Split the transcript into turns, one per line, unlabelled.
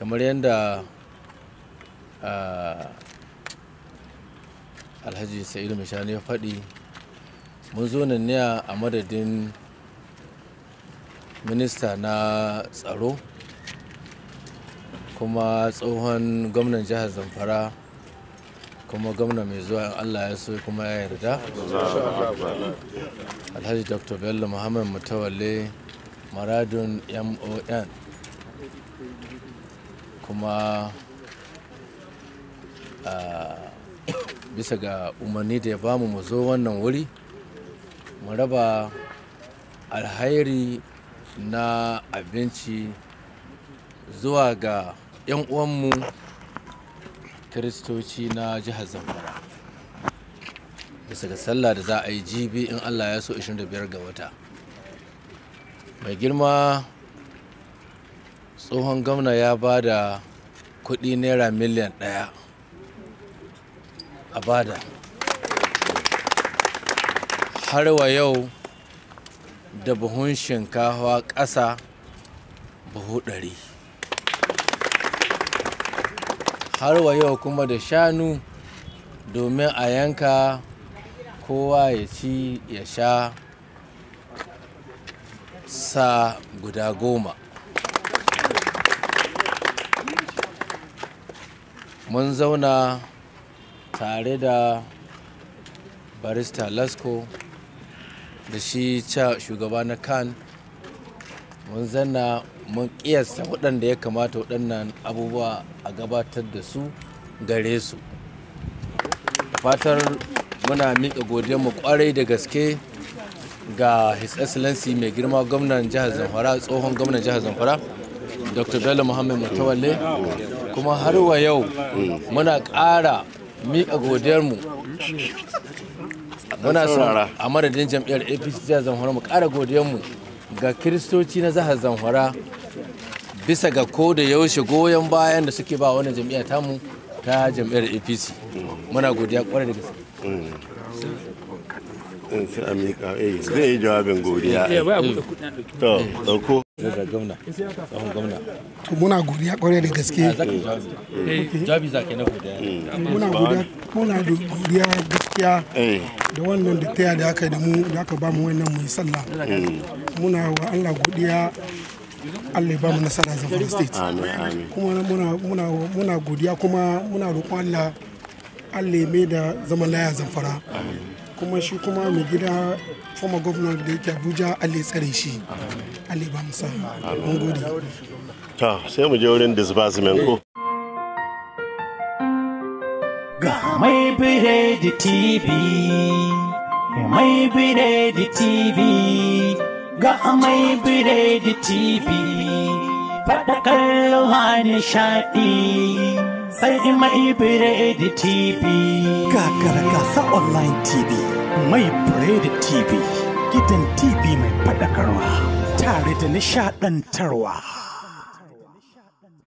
kamar yadda alhaji sa'idu mishani ya faɗi mun zo nan ne a madadin minista na tsaro kuma tsohon gwamnan jihar zamfara kuma gwamna mai zuwa in allah ya so kuma ya yarda alhaji dr bello muhammad mutawalle maradun mon kuma bisa ga umarni da ya bamu mu zo wannan wuri mu raba alhairi na abinci zuwa ga 'yan uwanmu kiristoci na jihar zamfara bisa ga sallah da za a yi jibi in allah ya so 25 ga wata mai girma tsohon gwamna ya ba da kuɗi naira miliyan ɗaya a bada har wa yau da buhun shinkawa ƙasa buhu ɗari har wa yau kuma da shanu domin a yanka kowa ya ci ya sha sa guda goma mun zauna tare da barista lasko da shi ca shugaba na kan mun zanna mun kiyasta waɗanda ya kamata waɗannan abubuwa a gabatar da su gare su fatar muna miƙa godiyarmu kwarai da gaske ga his excellency mai girma gwamnan jihar zamfara tsohon gwamnan jihar zamfara dr bello muhammad mutawalle kuma har wa yau muna ƙara miƙa godiyarmu
muna son
a madadin jam'iyyar apc ta zamfara mu ƙara godiyarmu ga kiristoci na zahar zamfara bisa ga ko da yaushe goyon bayan da suke ba wannan jam'iyyar tamu ta jam'iyyar apc muna godiya kwarai da gaske mm. Eh, in eh, zai yi jawabin godiya eh, to dauko to muna godiya da gaske mm. muna godiya gaskiya da wannan da taya da aka da mu da aka ba mu wannan mai sallah muna mm. wa Allah godiya Allah ya ba mu nasara Zamfara State kuma muna godiya kuma muna roƙon Allah Allah ya mai da zama laya Zamfara kuma shi kuma mai gida former governor da yake abuja ali tsare shi ali ba musa mun gode ta sai mu je wurin disbursement ko ga mai biredi tv mai biredi tv ga mai biredi tv faɗakar ruwa nishaɗi sai mai biredi TV. Gagara gasa online TV, mai biredi TV, gidan TV mai faɗakarwa, tare da nishaɗantarwa.